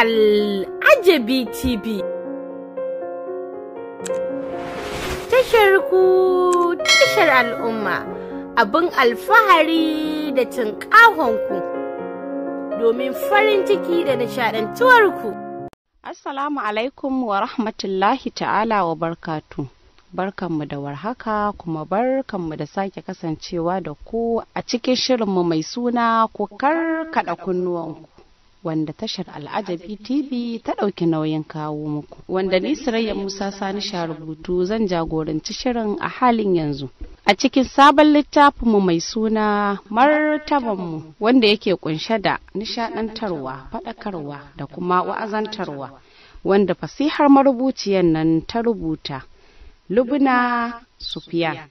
Al'ajabi TV. Tashar ku tashar al'umma abin alfahari da ku domin farin ciki da nishaɗantuwarku. Assalamu alaikum wa rahmatullahi ta'ala wa barkatu. Barkanmu da warhaka kuma barkanmu da sake kasancewa da ku a cikin shirinmu mai suna ku karkada kunnuwanku. wanda tashar al'ajabi tv ta ɗauki nauyin kawo muku wanda ni sirayya musa sani sha rubutu zan jagoranci shirin a halin yanzu a cikin sabon littafinmu mai suna martabanmu wanda yake kunshe da nishadantarwa faɗakarwa da kuma wa'azantarwa wanda fasihar marubuciyar nan ta rubuta lubna Sufiya.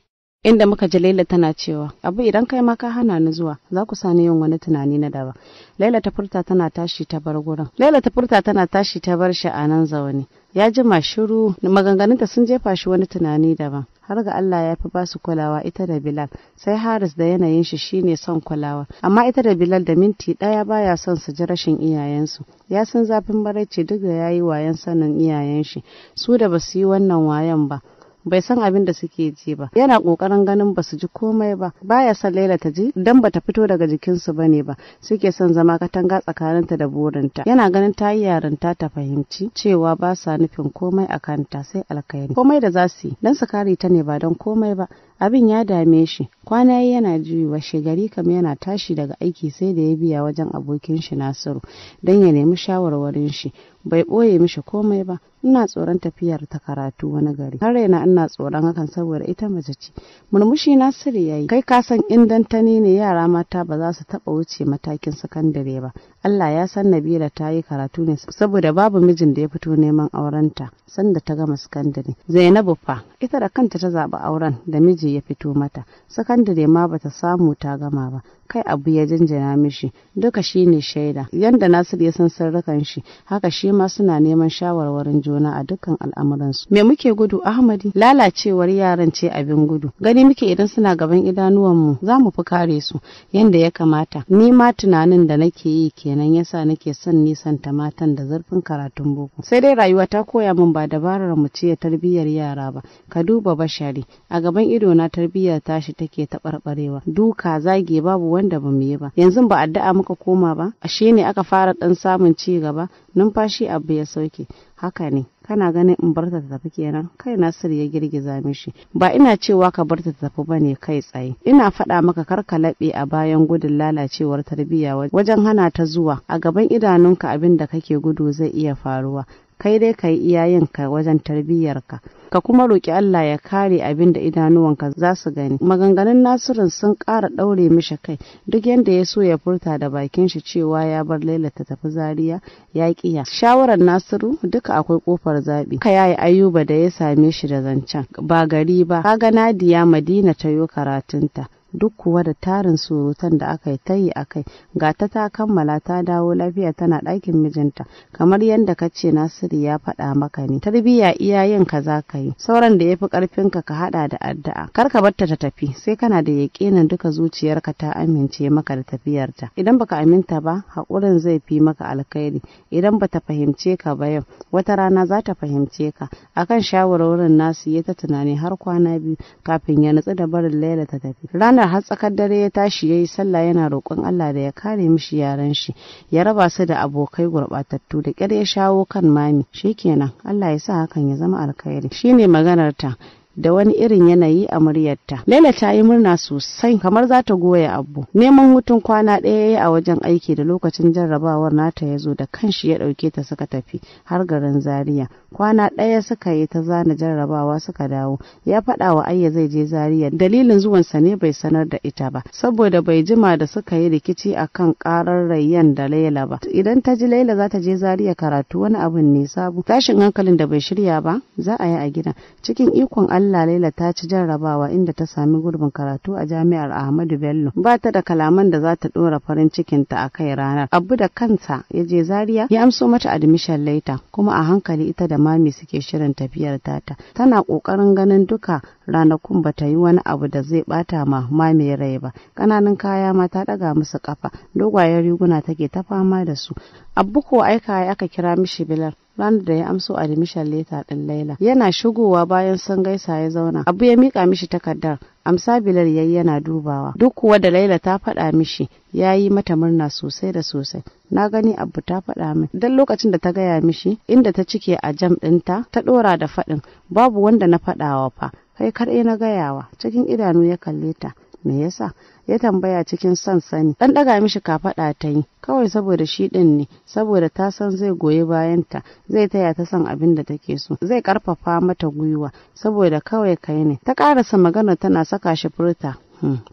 inda muka ji Laila tana cewa abu idan kai ma ka hana ni zuwa za ku sani yin wani tunani na daban Laila ta furta tana tashi ta bar gurin Laila ta furta tana tashi ta bar shi a nan zaune ya jima shiru maganganunta sun jefa shi wani tunani daban har ga Allah ya fi ba su kulawa ita da Bilal sai Haris da yanayin shi shine son kulawa amma ita da Bilal da minti daya baya son su ji rashin iyayensu ya san zafin ce duk da ya yi wayan sanin iyayen shi su da basu yi wannan wayan ba bai san abin da suke ji ba yana kokarin ganin ba su ji komai ba baya son Laila ta ji dan ta fito daga jikinsu bane ba suke son zama katanga tsakaninta da burinta yana ganin ta yi yarinta ta fahimci cewa ba sa nufin komai a kanta sai alkhairi komai da za su yi dan su kare ta ne ba don komai ba Abin ya dame shi, kwana yayi yana juyi gari kam yana tashi daga aiki sai da ya biya wajen abokin shi Nasiru don ya nemi shawarwarin shi. Bai ɓoye mishi komai ba, ina tsoron tafiyar ta karatu wani gari. Har yana ina tsoron hakan saboda ita mace ce. Murmushi Nasiru yayi, kai ka san in ta ne yara mata ba za su taɓa wuce matakin sakandare ba. Allah ya san Nabila ta yi karatu ne saboda babu mijin da ya fito neman aurenta sanda ta gama sakandare. Zainabu fa ita da kanta ta zaɓi auren da miji aji ya fito mata sakandare ma ba ta samu ta gama ba kai abu ya jinjina mishi duka shine shaida yanda nasir ya san sarrakan shi haka shi ma suna neman shawarwarin juna a dukkan al'amuransu me muke gudu ahmadi lalacewar yaran ce abin gudu gani muke idan suna gaban idanuwanmu za mu fi kare su yanda ya kamata ni ma tunanin da nake yi kenan yasa nake son nisanta matan da zurfin karatun boko sai dai rayuwa ta koya min ba dabarar mu ce tarbiyyar yara ba ka duba bashari a gaban ido Na tarbiyya tashi take taɓarɓarewa duka zage babu wanda ba mu yi ba yanzu ba addu'a muka koma ba ashe ne aka fara ɗan samun ci gaba numfashi abu ya sauke haka ne kana ganin in bar ta tafi kenan kai Nasir ya girgiza mishi ba ina cewa ka bar ta tafi bane kai tsaye ina faɗa maka kar ka laɓe a bayan gudun lalacewar tarbiyya wajen hana ta zuwa a gaban idanunka abin da kake gudu zai iya faruwa kai dai ka yi iyayenka wajen tarbiyyarka ka kuma roƙi Allah ya kare abin da idanuwanka za su gani maganganun nasirin sun ƙara ɗaure mishi kai duk yadda ya so ya furta da bakin shi cewa ya bar laila ta tafi zaria ya ƙiya shawarar nasiru duka akwai ƙofar zaɓi ka yayi ayuba da ya same shi da zancen ba gari ba kaga nadiya madina ta yo karatunta duk kuwa da tarin surutan da aka yi ta yi a kai ga ta ta kammala ta dawo lafiya tana ɗakin mijinta kamar yadda ka ce nasiru ya faɗa maka ne tarbiyya iyayen ka za ka yi sauran da ya fi ƙarfinka ka haɗa da addu'a kar ka barta ta tafi sai kana da yaƙinin duka zuciyarka ta amince maka da tafiyarta idan baka aminta ba haƙurin zai fi maka alkhairi idan ba ta fahimce ka ba yau wata rana za ta fahimce ka akan shawarwarin nasu ya ta tunani har kwana biyu kafin ya nutsu da barin laila ta tafi ranar zauna har tsakar dare ya tashi ya yi sallah yana roƙon Allah da ya kare mishi yaran shi ya raba su da abokai gurɓatattu da ƙyar ya shawo kan mami shi kenan, Allah ya sa hakan ya zama alkhairi shine maganar ta da wani irin yanayi a muryarta. Laila ta yi murna sosai kamar za ta goya abu. Neman hutun kwana ɗaya ya a wajen aiki da lokacin jarrabawar nata ya zo da kanshi ya ɗauke ta suka tafi har garin Zaria. Kwana ɗaya suka yi ta zana jarrabawa suka dawo. Ya faɗa wa Ayya zai je Zaria dalilin zuwansa ne bai sanar da ita ba saboda bai jima da suka yi rikici akan ƙarar rayyan da Laila ba. Idan ta ji Laila za ta je Zaria karatu wani abin ne sabu. Tashin hankalin da bai shirya ba za a yi a gidan. Cikin ikon Allah Allah Laila ta ci jarrabawa inda ta sami gurbin karatu a jami'ar Ahmadu Bello. Ba ta da kalaman da za ta ɗora farin cikinta a kai ranar. Abu da kansa ya je Zaria ya amso mata admission later kuma a hankali ita da mami suke shirin tafiyar tata. Tana ƙoƙarin ganin duka ranakun ba ta yi wani abu da zai bata ma mami rai ba. Ƙananan kaya ma ta ɗaga musu kafa Dogwayen riguna take ta fama da su. Abu ko aika aka kira mishi Bilal. ranar da ya amso admission letter din Laila. Yana shigowa bayan sun gaisa ya zauna. Abu ya mika mishi takardar. Amsa Bilal yayi yana dubawa. Duk kuwa da Laila ta faɗa mishi ya yi mata murna sosai da sosai. Na gani abu ta faɗa min. Dan lokacin da ta gaya mishi inda ta cike a jam ɗinta ta ɗora da faɗin babu wanda na faɗawa fa. Kai kar na gayawa cikin idanu ya kalle ta. me yasa ya tambaya cikin son sani dan daga mishi kafaɗa ta yi kawai saboda shi din ne saboda ta san zai goyi bayanta zai taya ta san abin da take so zai ƙarfafa mata gwiwa saboda kawai kai ne ta karasa magana tana saka shi furta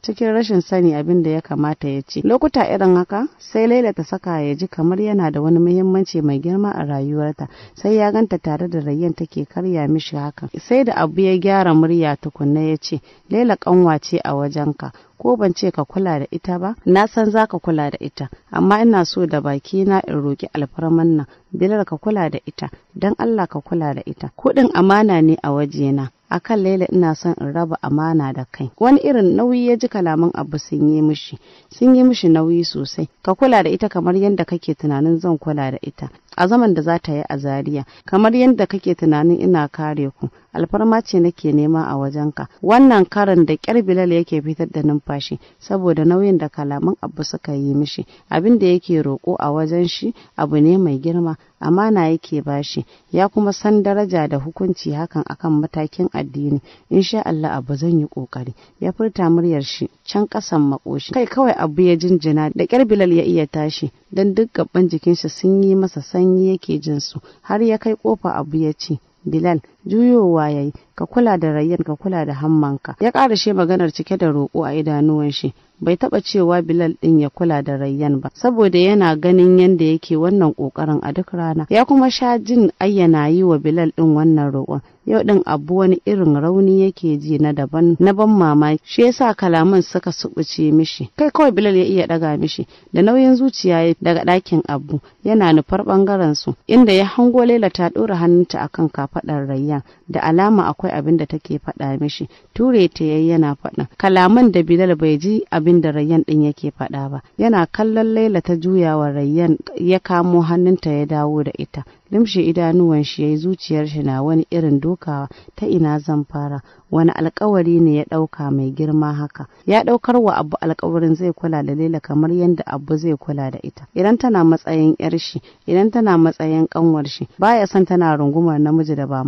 cikin rashin sani abin da ya kamata ya ce lokuta irin haka sai laila ta saka ya ji kamar yana da wani muhimmanci mai girma a rayuwarta sai ya ganta tare da rayyan take karya mishi haka sai da abu ya gyara murya tukunna ya ce laila kanwa ce a wajenka ko ban ce ka kula da ita ba na san za ka kula da ita amma ina so da baki na in roki alfarman nan bilar ka kula da ita don allah ka kula da ita kuɗin amana ne a wajena akan laila ina son in raba amana da kai wani irin nauyi ya ji kalaman abu sun yi mishi sun yi mishi nauyi sosai ka kula da ita kamar yadda kake tunanin zan kula da ita a zaman da za ta yi a Zariya, kamar yadda kake tunanin ina kare ku alfarma ce nake nema a wajenka wannan karin da ƙyar bilal yake fitar da numfashi saboda nauyin da kalaman abu suka yi mishi abin da yake roƙo a wajen shi abu ne mai girma amana yake bashi ya kuma san daraja da hukunci hakan akan matakin addini in sha Allah abu zan yi kokari ya furta muryar shi can kasan makoshi kai kawai abu ya jinjina da ƙyar bilal ya iya tashi dan duk gaban jikinsa sun yi masa sanyi sanyi yake jin su har ya kai kofa abu ya ce Bilal juyowa ya yi, ka kula da rayyan ka kula da hammanka ya karashe maganar cike da roƙo a idanuwan shi bai taba cewa Bilal din ya kula da rayyan ba saboda yana ganin yanda yake wannan kokarin a duk rana ya kuma sha jin ayyana yi wa Bilal din wannan roƙon yau ɗin abu wani irin rauni yake ji na daban na ban mamaki shi yasa kalaman suka subuce mishi kai kawai bilal ya iya ɗaga mishi da nauyin zuciya ya daga ɗakin abu yana nufar ɓangaren su inda ya hango laila ta ɗora hannunta akan kafaɗar rayyan da alama akwai abin da take faɗa mishi ture ta yayi yana faɗa kalaman da bilal bai ji abin da rayyan ɗin yake faɗa ba yana kallon laila ta juyawa rayyan ya kamo hannunta ya dawo da ita limshe idanuwan shi yayi zuciyar shi na wani irin dokawa ta ina zan fara wani alkawari ne ya ɗauka mai girma haka ya ɗaukar wa abu alkawarin zai kula da laila kamar yadda abu zai kula da ita idan tana matsayin yar shi idan tana matsayin kanwar shi baya son tana rungumar namiji da ba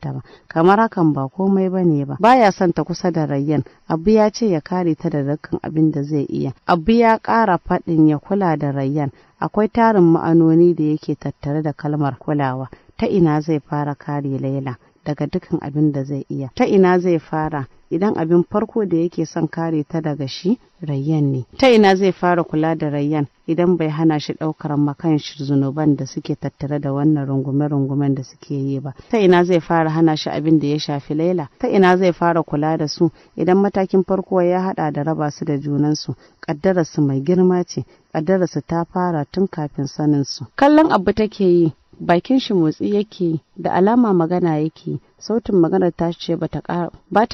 ta ba kamar hakan ba komai bane ba baya son ta kusa da rayyan abu ya ce ya kare ta da dukkan abin da zai iya abu ya ƙara faɗin ya kula da rayyan akwai tarin ma'anoni da yake tattare da kalmar kulawa ta ina zai fara kare laila daga dukkan abin da zai iya ta ina zai fara idan abin farko da yake son kare ta daga shi rayyan ne ta ina zai fara kula da rayyan idan bai hana shi ɗaukar makan shi zunuban da suke tattare da wannan rungume-rungumen da suke yi ba ta ina zai fara hana shi abin da ya shafi laila ta ina zai fara kula da su idan matakin farko ya haɗa da raba su da junansu ƙaddararsu mai girma ce ƙaddararsu ta fara tun kafin saninsu kallon abu take yi bakin shi motsi yake da alama magana yake sautin maganar ta ce ba ta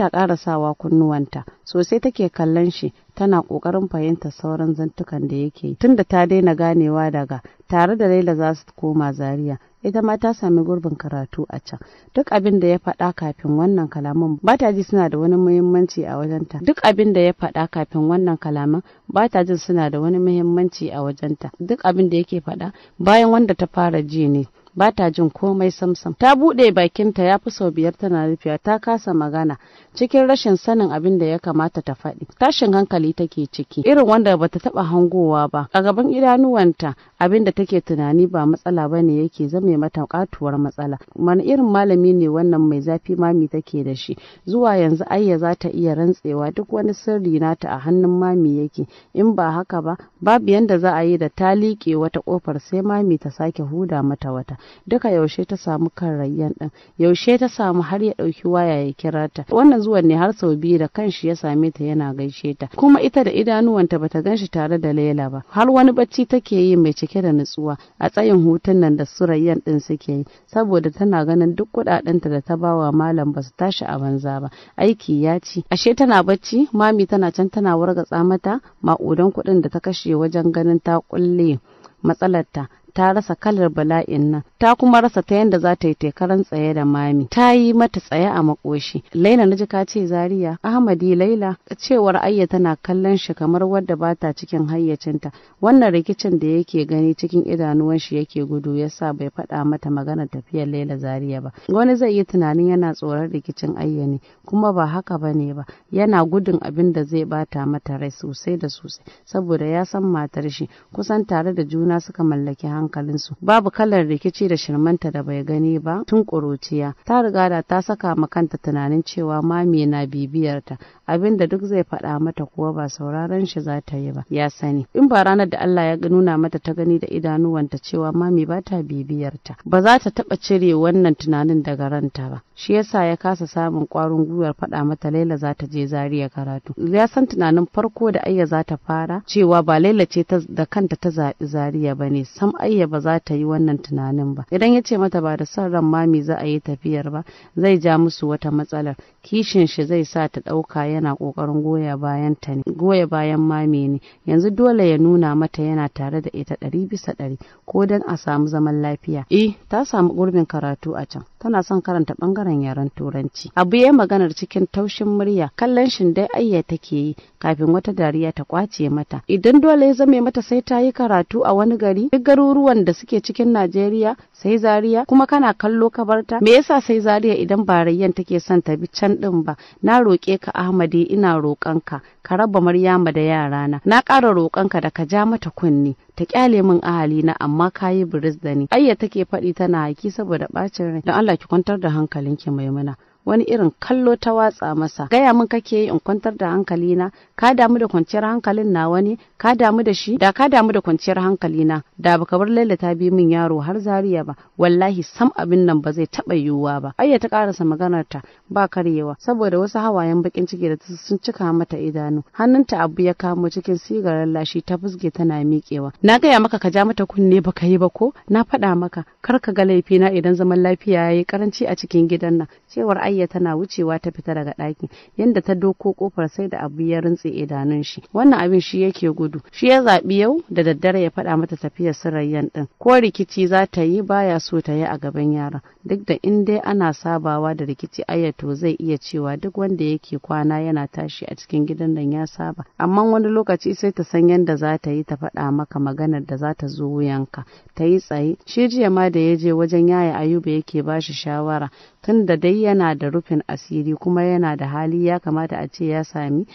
karasawa kunnuwanta sosai take kallon shi tana ƙoƙarin fahimta sauran zantukan da yake tunda ta daina ganewa daga tare da laila za su koma zaria ita ma ta sami gurbin karatu a can duk abin da ya faɗa kafin wannan kalaman ba ta ji suna da wani muhimmanci a wajenta duk abin da ya faɗa kafin wannan kalaman ba ta jin suna da wani muhimmanci a wajenta duk abin da yake faɗa bayan wanda ta fara ji ne ba ta jin komai samsam ta buɗe bakinta ya fi sau biyar tana rufewa ta kasa magana cikin rashin sanin abin da ya kamata ta faɗi tashin hankali take ciki irin wanda bata taɓa hangowa ba a gaban idanuwanta abin da take tunani ba matsala ba ne yake zame mata katuwar matsala wani irin malami ne wannan mai zafi mami take da shi zuwa yanzu ayya za ta iya rantsewa duk wani sirri nata a hannun mami yake in ba haka ba babu yanda za a yi da ta liƙe wata ƙofar sai mami ta sake huda mata wata duka yaushe ta samu kan rayyan ɗin yaushe ta samu har ya ɗauki waya ya kira ta wannan zuwan ne har sau biyu da kanshi ya same ta yana gaishe ta kuma ita da idanuwanta bata ganshi tare da Laila ba har wani bacci take yi mai cike da nutsuwa a tsayin hutun nan da surayyan ɗin suke yi saboda tana ganin duk kuɗaɗenta da ta bawa malam basu tashi a banza ba aiki ya ci ashe tana bacci mami tana can tana wargatsa mata maƙudan kuɗin da ta kashe wajen ganin ta kulle matsalarta ta rasa kalar bala'in nan ta kuma rasa ta yanda za ta yi tekaran tsaye da mami ta yi mata tsaye a makoshi laila na ji ka ce zaria ahmadi laila cewar ayya tana kallon shi kamar wadda ba ta cikin hayyacinta wannan rikicin da yake gani cikin idanuwan shi yake gudu yasa bai faɗa mata magana tafiyar laila Zariya ba wani zai yi tunanin yana tsoron rikicin ayya ne kuma ba haka ba ne ba yana gudun abin da zai bata mata rai sosai da sosai saboda ya san matar shi kusan tare da juna suka mallaki hankalinsu babu kalar rikici da da shirmanta da bai gani ba tun ƙuruciya ta riga da ta saka ma kanta tunanin cewa mami na bibiyarta abin da duk zai faɗa mata kuwa ba sauraron shi za ta yi ba ya sani in ba ranar da Allah ya nuna mata ta gani da idanuwanta cewa mami ba ta bibiyarta ba za ta taɓa cire wannan tunanin daga ranta ba shi yasa ya kasa samun ƙwarin gwiwar faɗa mata Laila za ta je Zariya karatu ya san tunanin farko da Ayya za ta fara cewa ba Laila ce da kanta ta zaɓi Zariya ba ne sam Ayya ba za ta yi wannan tunanin ba idan ya ce mata ba da son ran mami za a yi tafiyar ba zai ja musu wata matsalar kishin shi zai sa ta ɗauka yana ƙoƙarin goya bayan ta goya bayan mame ne yanzu dole ya nuna mata yana tare da ita ɗari bisa ɗari ko don a samu zaman lafiya eh ta samu gurbin karatu a can tana son karanta ɓangaren yaren turanci abu ya maganar cikin taushin murya kallon shin dai ayya take yi kafin wata dariya ta kwace mata idan dole ya zame mata sai ta yi karatu a wani gari duk garuruwan da suke cikin Najeriya sai zariya kuma kana kallo kabarta. me yasa sai zariya idan barayyan take son ta bi can ɗin ba na roƙe ka ahmadi ina roƙonka ka raba maryama da yarana na ƙara roƙonka da ka ja mata kunni ta kyale min na, amma kayi biris da ni ayya take faɗi tana haki saboda ɓacin rai don allah ki kwantar da hankalinki maimuna wani irin kallo ta watsa masa gaya min kake yi in kwantar da hankalina ka damu da kwanciyar hankalin na wani? ka damu da shi da ka damu da kwanciyar hankali na? da baka bar Laila ta bi min yaro har zariya ba wallahi sam abin nan ba zai taba yiwuwa ba ayya ta karasa maganar ta ba karyewa saboda wasu hawayen bakin ciki da sun cika mata idanu hannunta abu ya kamo cikin sigarar lashi ta fusge tana miƙewa na gaya maka ka ja mata kunne baka yi ba ko na faɗa maka kar ka ga laifina idan zaman lafiya yayi karanci a cikin gidan nan cewar ayya tana wucewa ta fita daga ɗakin yadda ta doko kofar sai da abu ya rintse idanun shi wannan abin shi yake gudu shi ya zaɓi yau da daddare ya faɗa mata tafiyar sirayyan ɗin ko rikici za ta yi baya so ta yi a gaban yara duk da in dai ana sabawa da rikici ayyato zai iya cewa duk wanda yake kwana yana tashi a cikin gidan nan ya saba amma wani lokaci sai ta san yadda za ta yi ta faɗa maka maganar da za ta zo wuyanka ta yi tsaye shi jiya ma da ya je wajen yaya ayuba yake bashi shawara tun da dai yana da rufin asiri kuma yana da hali ya kamata a ce ya sami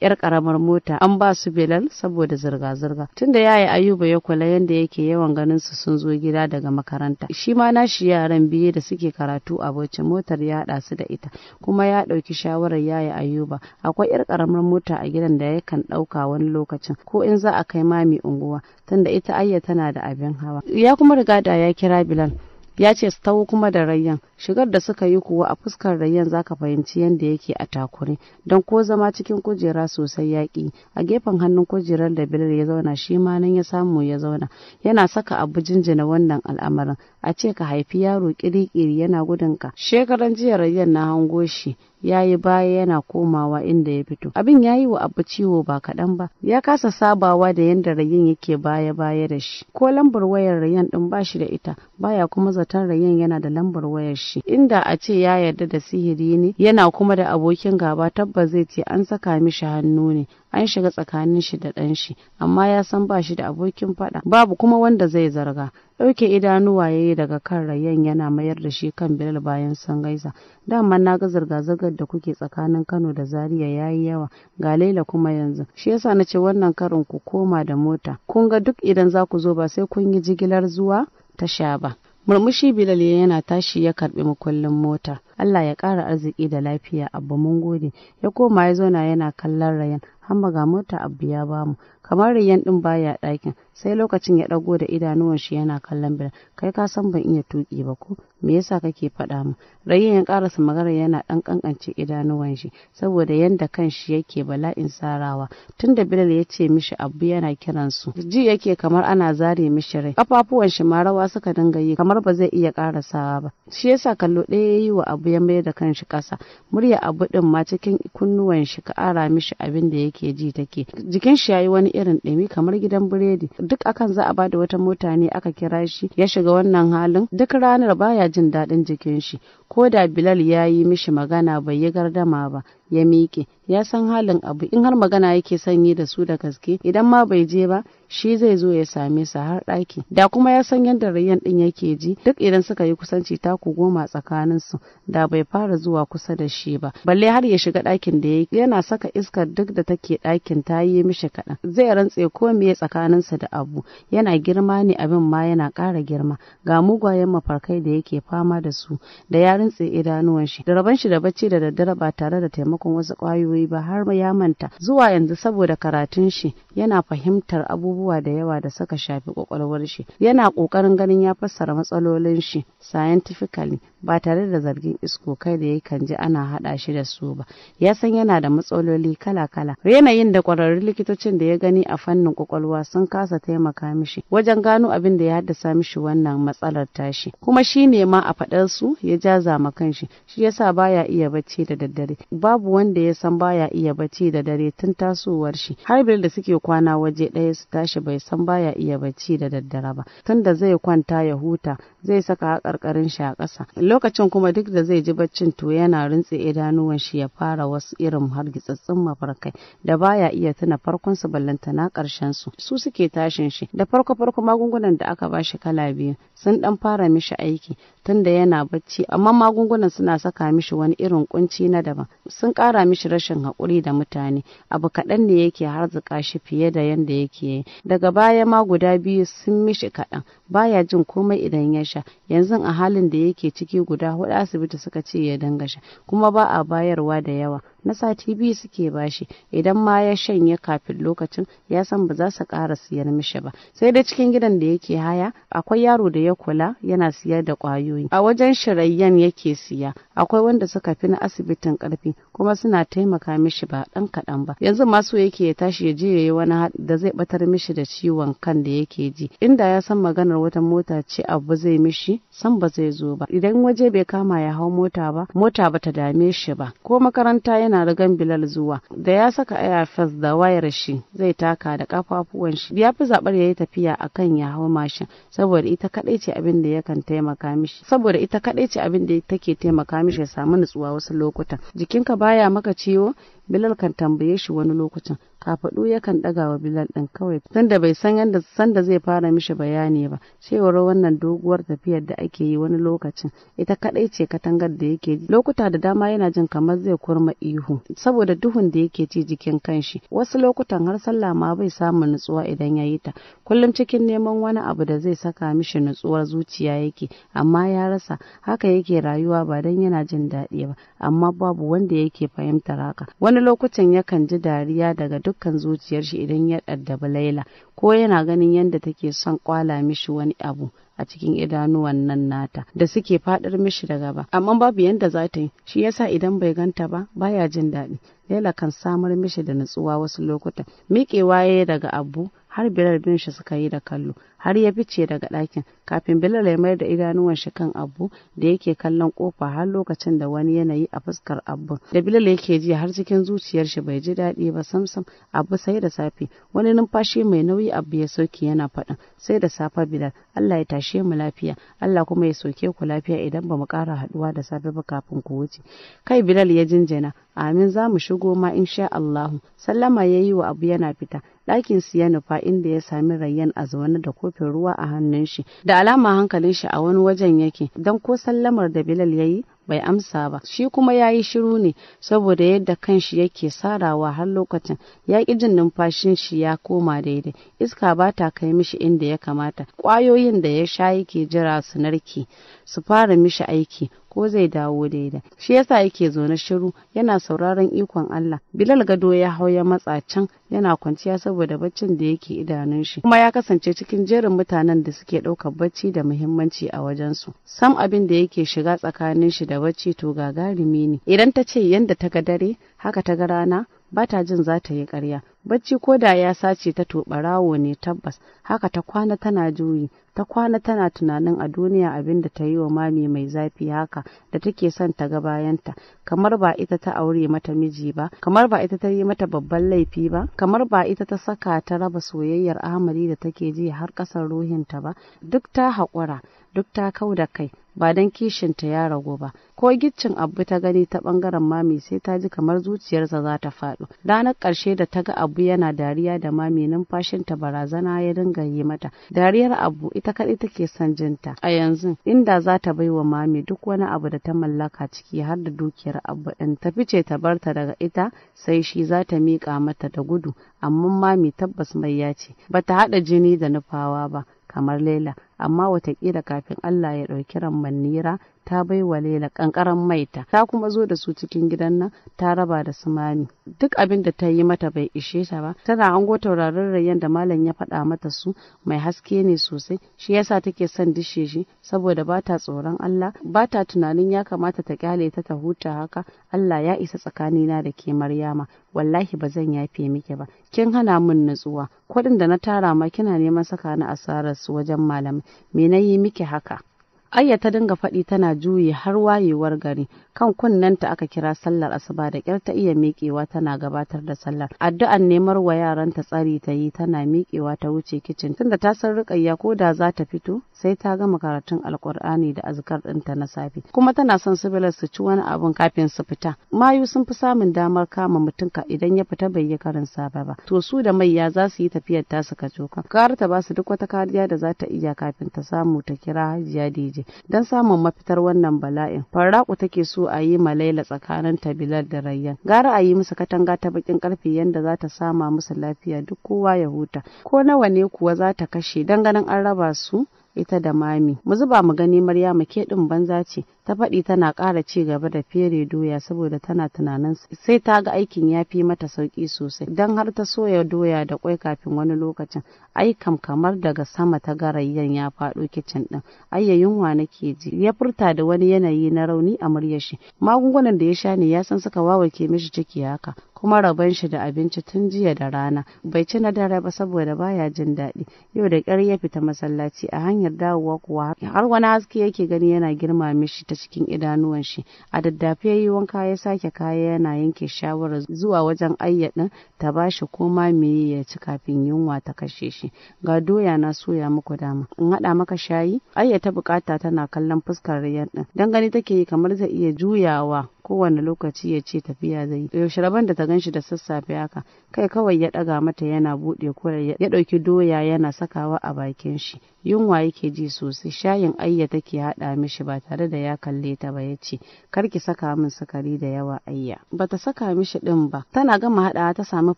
yar karamar mota an ba su belal saboda zirga-zirga Tun tunda yaya ayuba ya kula yadda yake yawan ganin su sun zo gida daga makaranta shi ma nashi yaran biye da suke karatu a bauchi motar ya haɗa su da ita kuma ya ɗauki shawarar yayi ayuba akwai yar karamar mota a gidan da ya kan ɗauka wani lokacin ko in za a kai mami unguwa Tun da ita ayya tana da abin hawa ya kuma riga da ya kira bilal ya ce su taho kuma da rayyan shigar da suka yi kuwa a fuskar rayyan za ka fahimci yadda yake a takure don ko zama cikin kujera sosai yaƙi a gefen hannun kujerar da bilir ya zauna shi ma nan ya samu ya zauna yana saka abu jinjina wannan al'amarin a ce ka haifi yaro ƙiriƙiri yana gudun ka shekaran jiya rayyan na hango shi ya yi baya yana komawa inda ya fito abin ya yi wa abu ciwo ba kaɗan ba ya kasa sabawa da yadda rayin yake baya baya da shi ko lambar wayar rayan ɗin ba shi da ita baya kuma zaton rayan yana da lambar wayar shi inda a ce ya yarda da sihiri ne yana kuma da abokin gaba tabbas zai ce an saka mishi hannu ne an shiga tsakanin shi da ɗan shi amma ya san ba shi da abokin faɗa babu kuma wanda zai zarga ɗauke idanuwa ya yi daga kan rayen yana mayar da shi kan bilal bayan sun gaisa dama na ga zirga-zirgar da kuke tsakanin kano da zaria ya yi yawa ga laila kuma yanzu shi yasa na ce wannan karin ku koma da mota kun ga duk idan za ku zo ba sai kun yi jigilar zuwa tasha ba murmushi bilal yana tashi ya karɓi mukullin mota Allah ya ƙara arziki da lafiya abu mun gode ya koma ya zauna yana kallon rayan hamma ga mota abu ya bamu kamar rayan din baya ɗakin sai lokacin ya ɗago da idanuwan shi yana kallon bila kai ka san ban iya tuƙi ba ko me yasa kake faɗa mu rayan ya ƙarasa magana yana ɗan ƙanƙance idanuwan shi saboda yanda kan shi yake bala'in sarawa tunda bilal ya ce mishi abu yana kiran su ji yake kamar ana zare mishi rai kafafuwan shi ma rawa suka dinga yi kamar ba zai iya ƙarasawa ba shi yasa kallo ɗaya ya yi wa abu abu ya mai da kanshi ƙasa murya abu din ma cikin kunnuwan shi ka ara mishi abin da yake ji take jikin shi yayi wani irin ɗumi kamar gidan biredi duk akan za a bada wata mota ne aka kira shi ya shiga wannan halin duk ranar baya jin daɗin jikin shi ko da Bilal ya yi mishi magana bai yi gardama ba ya miƙe ya san halin abu in har magana yake son yi da su da gaske idan ma bai je ba shi zai zo ya same su har ɗaki da kuma ya san yadda rayyan ɗin yake ji duk idan suka yi kusanci taku goma tsakanin su da bai fara zuwa kusa da shi ba balle har ya shiga ɗakin da ya yana saka iskar duk da take ɗakin ta yi mishi kaɗan zai rantse ko meye tsakanin su da abu yana girma ne abin ma yana ƙara girma ga mugayen mafarkai da yake fama da su da ya tsaye idanuwan shi da raban shi da bacci da daddare ba tare da taimakon wasu ƙwayoyi ba har ya manta zuwa yanzu saboda karatun shi yana fahimtar abubuwa da yawa da suka shafi kwakwalwar shi yana ƙoƙarin ganin ya fassara matsalolin shi scientifically ba tare da zargin isko kai da ya kan ji ana haɗa shi da su ba ya san yana da matsaloli kala-kala yanayin da kwararrun likitocin da ya gani a fannin kwakwalwa sun kasa taimaka mishi wajen gano abin da ya haddasa mishi wannan matsalar tashi kuma shi ne ma a faɗar su ya ja canza ma kanshi shi yasa baya iya bacci da daddare babu wanda ya san baya iya bacci da dare tun tasowar shi har bil da suke kwana waje ɗaya su tashi bai san baya iya bacci da daddare ba tunda zai kwanta ya huta zai saka haƙarƙarin shi a ƙasa lokacin kuma duk da zai ji baccin to yana rintse idanuwan shi ya fara wasu irin hargitsatsin mafarkai da baya iya tuna farkon su ballantana karshen su su suke tashin shi da farko farko magungunan da aka ba shi kala biyu sun dan fara mishi aiki tunda yana bacci amma magungunan suna saka mishi wani irin kunci na daban sun kara mishi rashin haƙuri da mutane abu kaɗan ne yake harzuka shi fiye da yanda yake yi daga baya ma guda biyu sun mishi kaɗan baya jin komai idan ya sha yanzu a halin da yake ciki guda hudu asibiti suka ce ya danga sha kuma ba a bayarwa da yawa na sati biyu suke bashi idan ma ya shanye kafin lokacin ya san ba za su ƙara siyar mishi ba sai dai cikin gidan da yake haya akwai yaro da ya kula yana siyar da ƙwayoyi a wajen shirayyen yake siya akwai wanda suka fi na asibitin ƙarfi kuma suna taimaka mishi ba ɗan kaɗan ba yanzu masu yake ya tashi ya je ya yi wani da zai ɓatar mishi da ciwon kan da yake ji inda ya san maganar wata mota ce abu zai mishi san ba zai zo ba idan waje bai kama ya hau mota ba mota ba ta dame shi ba ko makaranta yana rigan bilal zuwa da ya saka ayafas da wayar shi zai taka da kafafuwan shi ya fi zabar yi tafiya akan ya hau mashin saboda ita kadai ce abin da yakan taimaka mishi saboda ita kadai ce abin da take taimaka mishi ya samu nutsuwa wasu lokutan jikinka baya maka ciwo bilal kan tambaye shi wani lokutan. kafaɗu yakan ɗaga wa bilal ɗin kawai tunda bai san yadda sanda zai fara mishi bayani ba cewar wannan doguwar tafiyar da ake yi wani lokacin ita kaɗai ce katangar da yake lokuta da dama yana jin kamar zai kurma ihu saboda duhun da yake ci jikin kanshi wasu lokutan har sallah ma bai samu nutsuwa idan ya yi ta kullum cikin neman wani abu da zai saka mishi nutsuwar zuciya yake amma ya rasa haka yake rayuwa ba dan yana jin daɗi ba amma babu wanda yake fahimtar haka wani lokutan yakan ji dariya daga duk dukkan zuciyar shi idan ya ɗaddaba laila ko yana ganin yadda take son kwala mishi wani abu a cikin idanuwan nan nata da suke fadar mishi da gaba amma babu yadda za ta yi shi yasa idan bai ganta ba baya jin daɗi laila kan samar mishi da nutsuwa wasu lokutan miƙewa ya daga abu har bilal bin shi suka yi da kallo har ya fice daga ɗakin kafin bilal ya mayar da idanuwan shi kan abu da yake kallon kofa har lokacin da wani yanayi a fuskar abu da bilal yake ji har cikin zuciyar shi bai ji daɗi ba samsam abu sai da safe wani numfashi mai nauyi abu ya soke yana faɗin sai da safe bilal Allah ya tashe mu lafiya Allah kuma ya soke ku lafiya idan ba mu ƙara haɗuwa da safe ba kafin ku wuce kai bilal ya jinjina amin za mu shigo ma insha Allahu sallama ya yi wa abu yana fita ɗakin su ya nufa inda ya sami rayyan a zaune da kofin ruwa a hannun shi da alama hankalin shi a wani wajen yake Don ko sallamar da Bilal ya yi, bai amsa ba shi kuma ya yi shiru ne saboda yadda kanshi yake sarawa har lokacin ya ƙi jin numfashin shi ya koma daidai iska ba ta kai mishi inda ya kamata ƙwayoyin da ya sha yake jira su narke su fara mishi aiki ko zai dawo daidai shi yasa yake zaune shiru yana sauraron ikon Allah Bilal gado ya hau ya matsa can yana kwanciya saboda baccin da yake idanun shi kuma ya kasance cikin jerin mutanen da suke ɗaukar bacci da muhimmanci a wajen su sam abin da yake shiga tsakanin shi da bacci to gagarumi ne idan ta ce yanda ta ga dare haka ta ga rana ba ta jin za ta yi ƙarya Bacci ko da ya sace ta to ɓarawo ne tabbas, haka ta kwana tana juyi, ta kwana tana tunanin a duniya abin da ta yi wa mami mai zafi haka da take son ta ga bayanta, kamar ba ita ta aure mata miji ba, kamar ba ita ta yi mata babban laifi ba, kamar ba ita ta saka ta raba soyayyar amari da take ji har ƙasar ruhinta ba, duk ta haƙura. duk ta kau da kai ba don kishinta ya ragu ba ko giccin abu ta gani ta bangaren mami sai ta ji kamar zuciyarsa za ta faɗo ranar ƙarshe da ta ga abu yana dariya da mami numfashinta barazana ya dinga yi mata dariyar abu ita kaɗai take son jinta a yanzu inda za ta bai wa mami duk wani abu da ta mallaka ciki har da dukiyar abu ɗin ta fice ta bar ta daga ita sai shi za ta miƙa mata da gudu amma mami tabbas mai ya ce ba ta haɗa jini da nufawa ba kamar Laila amma wataƙila kafin Allah ya ɗauki ran Manira ta bai wa Laila kankaran maita ta kuma zo da su cikin gidan nan ta raba da sumani duk abin da ta yi mata bai ishe ta ba tana ango tauraron rayen da malam ya faɗa mata su mai haske ne sosai shi yasa take son dishe shi saboda ba ta tsoron Allah ba ta tunanin ya kamata ta kyale ta ta huta haka Allah ya isa tsakanina da ke Maryama wallahi ba zan yafe miki ba kin hana min nutsuwa? kuɗin da na tara ma kina neman saka ni asarar su wajen malamai me na yi miki haka Ayya ta dinga faɗi tana juyi har wayewar gari kan kunnen ta aka kira sallar asuba da ƙyar ta iya miƙewa tana gabatar da sallar addu'an nemar wa yaranta tsari ta yi tana miƙewa ta wuce kicin tunda ta san riƙayya ko da za ta fito sai ta gama karatun alƙur'ani da azkar ɗinta na safe kuma tana son su su ci wani abun kafin su fita mayu sun fi samun damar kama mutum ka idan ya fita bai yi karin safe ba to su da maiya za su yi tafiyar tasu kacokan kar ta ba su duk wata kariya da za ta iya kafin ta samu ta kira hajiya DJ Ubangiji don samun mafitar wannan bala'in. Farraku take so a yi ma malaila tsakanin Bilal da Rayyan. Gara a yi musu katanga ta bakin karfe yadda za ta sama musu lafiya duk kowa ya huta. Ko nawa ne kuwa za ta kashe don ganin an raba su ita da mami mu zuba mu gani maryamu ke din banza ce ta faɗi tana ƙara ci gaba da fere doya saboda tana tunanin sai ta ga aikin ya fi mata sauƙi sosai dan har ta soya doya da kwai kafin wani lokacin ai kam kamar daga sama ta garayyan ya faɗo kicin ɗin ai ya yunwa nake ji ya furta da wani yanayi na rauni a muryar shi magungunan da ya sha ne ya san suka wawake mishi ciki haka kuma rabon shi da abinci tun jiya da rana bai ci na dare ba saboda baya jin daɗi yau da ƙyar ya fita masallaci a hanyar dawowa kuwa har wani haske yake gani yana girma mishi ta cikin idanuwan shi a daddafe ya yi wanka ya sake kaya yana yanke shawarar zuwa wajen ayyadin ta bashi koma meye ya ci kafin yunwa ta kashe shi ga doya na soya muku dama in haɗa maka shayi ayyata bukata tana kallon fuskar riyar ɗin dan gani take yi kamar zai iya juyawa kowane lokaci ya ce tafiya zai yaushe rabon da ta shi da sassafe haka kai kawai ya ɗaga mata yana buɗe koren ya ɗauki doya yana sakawa a bakin shi yunwa yake ji sosai shayin ayya take haɗa mishi ba tare da ya kalle ta ba ya ce kar ki saka min sukari da yawa ayya bata saka mishi ɗin ba tana gama haɗawa ta samu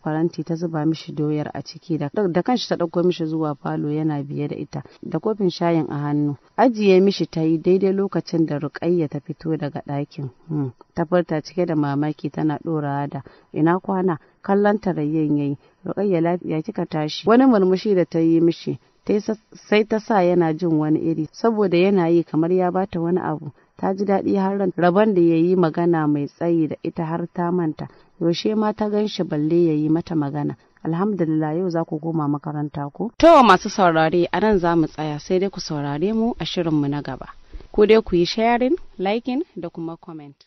faranti ta zuba mishi doyar a ciki da kanshi ta ɗauko mishi zuwa falo yana biye da ita da kofin shayin a hannu ajiye mishi ta yi daidai lokacin da Rukayya ta fito daga ɗakin hmm, ta furta cike da mamaki tana ɗorawa da ina kwana kallon tarayyan yayi Rukayya lafiya kika tashi wani murmushi da ta yi mishi sai ta sa yana jin wani iri saboda yana yi kamar ya bata wani abu ta ji daɗi har rabon da ya yi magana mai tsayi da ita har ta manta yaushe ma ta gan shi balle ya yi mata magana alhamdulillah yau za ku koma makaranta ko to masu saurare a nan za mu tsaya sai dai ku saurare mu a shirinmu na gaba ku dai ku yi sharing liking da kuma comment